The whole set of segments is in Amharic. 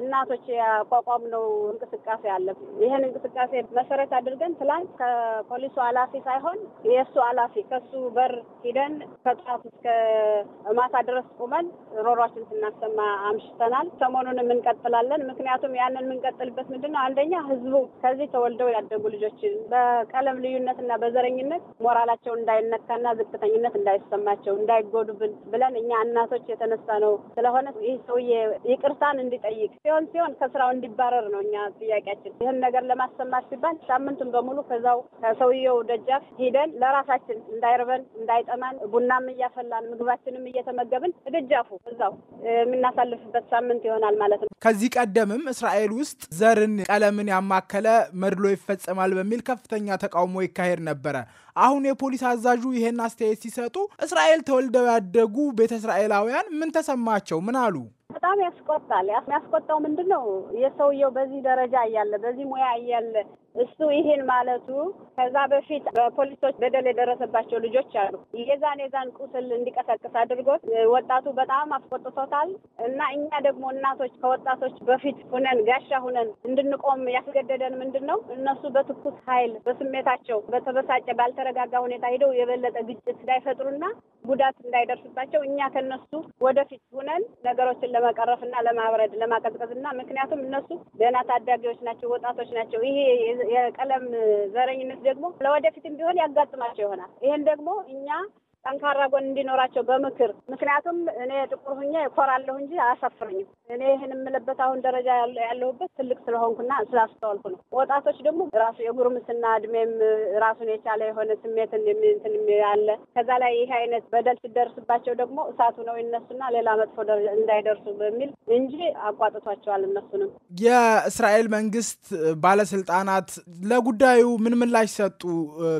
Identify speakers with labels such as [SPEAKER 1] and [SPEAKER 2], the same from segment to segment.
[SPEAKER 1] እናቶች ያቋቋም ነው እንቅስቃሴ አለ። ይህን እንቅስቃሴ መሰረት አድርገን ትላንት ከፖሊሱ ኃላፊ ሳይሆን የእሱ ኃላፊ ከሱ በር ሂደን ከጠዋት እስከ ማታ ድረስ ቁመን ሮሯችን ስናሰማ አምሽተናል። ሰሞኑንም እንቀጥላለን። ምክንያቱም ያንን የምንቀጥልበት ምንድን ነው? አንደኛ ህዝቡ ከዚህ ተወልደው ያደጉ ልጆችን በቀለም ልዩነት በዘረኝነት ሞራላቸው እንዳይነካና ዝቅተኝነት እንዳይሰማቸው እንዳይጎዱብን ብለን እኛ እናቶች የተነሳ ነው። ስለሆነ ይህ ሰውዬ ይቅርታን እንዲጠይቅ ሲሆን ሲሆን ከስራው እንዲባረር ነው እኛ ጥያቄያችን። ይህን ነገር ለማሰማት ሲባል ሳምንቱን በሙሉ ከዛው ከሰውየው ደጃፍ ሂደን ለራሳችን እንዳይርበን እንዳይጠማን ቡናም እያፈላን ምግባችንም እየተመገብን ደጃፉ እዛው የምናሳልፍበት ሳምንት ይሆናል ማለት ነው።
[SPEAKER 2] ከዚህ ቀደምም እስራኤል ውስጥ ዘርን፣ ቀለምን ያማከለ መድሎ ይፈጸማል በሚል ከፍተኛ ተቃውሞ ይካሄድ ነበረ። አሁን የፖሊስ አዛዡ ይሄን አስተያየት ሲሰጡ እስራኤል ተወልደው ያደጉ ቤተ እስራኤላውያን ምን ተሰማቸው? ምን አሉ? በጣም ያስቆጣል። ያስቆጣው
[SPEAKER 1] ምንድን ነው? የሰውየው በዚህ ደረጃ እያለ በዚህ ሙያ እያለ እሱ ይህን ማለቱ ከዛ በፊት በፖሊሶች በደል የደረሰባቸው ልጆች አሉ። የዛን የዛን ቁስል እንዲቀሰቅስ አድርጎት ወጣቱ በጣም አስቆጥቶታል። እና እኛ ደግሞ እናቶች ከወጣቶች በፊት ሁነን ጋሻ ሁነን እንድንቆም ያስገደደን ምንድን ነው እነሱ በትኩስ ኃይል በስሜታቸው በተበሳጨ ባልተረጋጋ ሁኔታ ሄደው የበለጠ ግጭት እንዳይፈጥሩና ጉዳት እንዳይደርስባቸው እኛ ከነሱ ወደፊት ሁነን ነገሮችን ለመቀረፍና ለማብረድ ለማቀዝቀዝና ምክንያቱም እነሱ ገና ታዳጊዎች ናቸው፣ ወጣቶች ናቸው። ይሄ የቀለም ዘረኝነት ደግሞ ለወደፊትም ቢሆን ያጋጥማቸው ይሆናል። ይህን ደግሞ እኛ ጠንካራ ጎን እንዲኖራቸው በምክር ምክንያቱም እኔ ጥቁር ሁኜ እኮራለሁ እንጂ አያሳፍረኝም። እኔ ይህን የምልበት አሁን ደረጃ ያለሁበት ትልቅ ስለሆንኩና ስላስተዋልኩ ነው። ወጣቶች ደግሞ ራሱ የጉርምስና እድሜም ራሱን የቻለ የሆነ ስሜትን የሚንትን ያለ ከዛ ላይ ይህ አይነት በደል ሲደርስባቸው ደግሞ እሳቱ ነው ይነሱና ሌላ መጥፎ ደረጃ እንዳይደርሱ በሚል እንጂ አቋጥቷቸዋል። እነሱንም
[SPEAKER 2] የእስራኤል መንግስት ባለስልጣናት ለጉዳዩ ምን ምላሽ ሰጡ?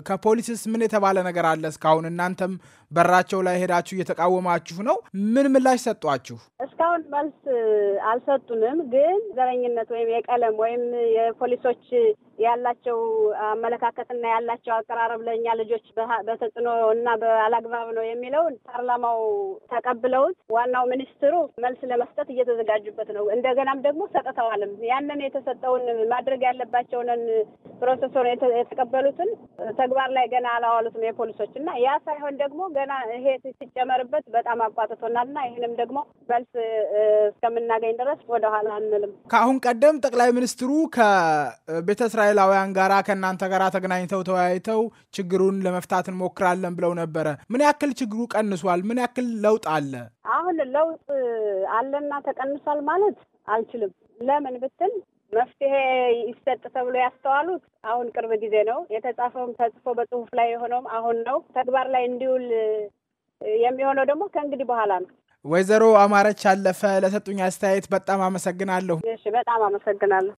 [SPEAKER 2] ከፖሊስስ ምን የተባለ ነገር አለ? እስካሁን እናንተም በራቸው ላይ ሄዳችሁ እየተቃወማችሁ ነው። ምን ምላሽ ሰጧችሁ?
[SPEAKER 1] እስካሁን መልስ አልሰጡንም። ግን ዘረኝነት ወይም የቀለም ወይም የፖሊሶች ያላቸው አመለካከትና ያላቸው አቀራረብ ለእኛ ልጆች በተጽዕኖ እና በአላግባብ ነው የሚለውን ፓርላማው ተቀብለውት ዋናው ሚኒስትሩ መልስ ለመስጠት እየተዘጋጁበት ነው። እንደገናም ደግሞ ሰጥተዋልም። ያንን የተሰጠውን ማድረግ ያለባቸውንን ፕሮሰሶር የተቀበሉትን ተግባር ላይ ገና አላዋሉትም የፖሊሶች እና ያ ሳይሆን ደግሞ ገና ይሄ ሲጨመርበት በጣም አቋጥቶናል እና ይህንም ደግሞ መልስ እስከምናገኝ ድረስ ወደኋላ አንልም።
[SPEAKER 2] ከአሁን ቀደም ጠቅላይ ሚኒስትሩ ከቤተ እስራኤላውያን ጋራ ከእናንተ ጋራ ተገናኝተው ተወያይተው ችግሩን ለመፍታት እንሞክራለን ብለው ነበረ። ምን ያክል ችግሩ ቀንሷል? ምን ያክል ለውጥ አለ?
[SPEAKER 1] አሁን ለውጥ አለና ተቀንሷል ማለት አልችልም። ለምን ብትል መፍትሄ ይሰጥ ተብሎ ያስተዋሉት አሁን ቅርብ ጊዜ ነው። የተጻፈውም ተጽፎ በጽሁፍ ላይ የሆነውም አሁን ነው። ተግባር ላይ እንዲውል የሚሆነው ደግሞ ከእንግዲህ በኋላ ነው።
[SPEAKER 2] ወይዘሮ አማረች አለፈ ለሰጡኝ አስተያየት በጣም አመሰግናለሁ።
[SPEAKER 1] እሺ፣ በጣም አመሰግናለሁ።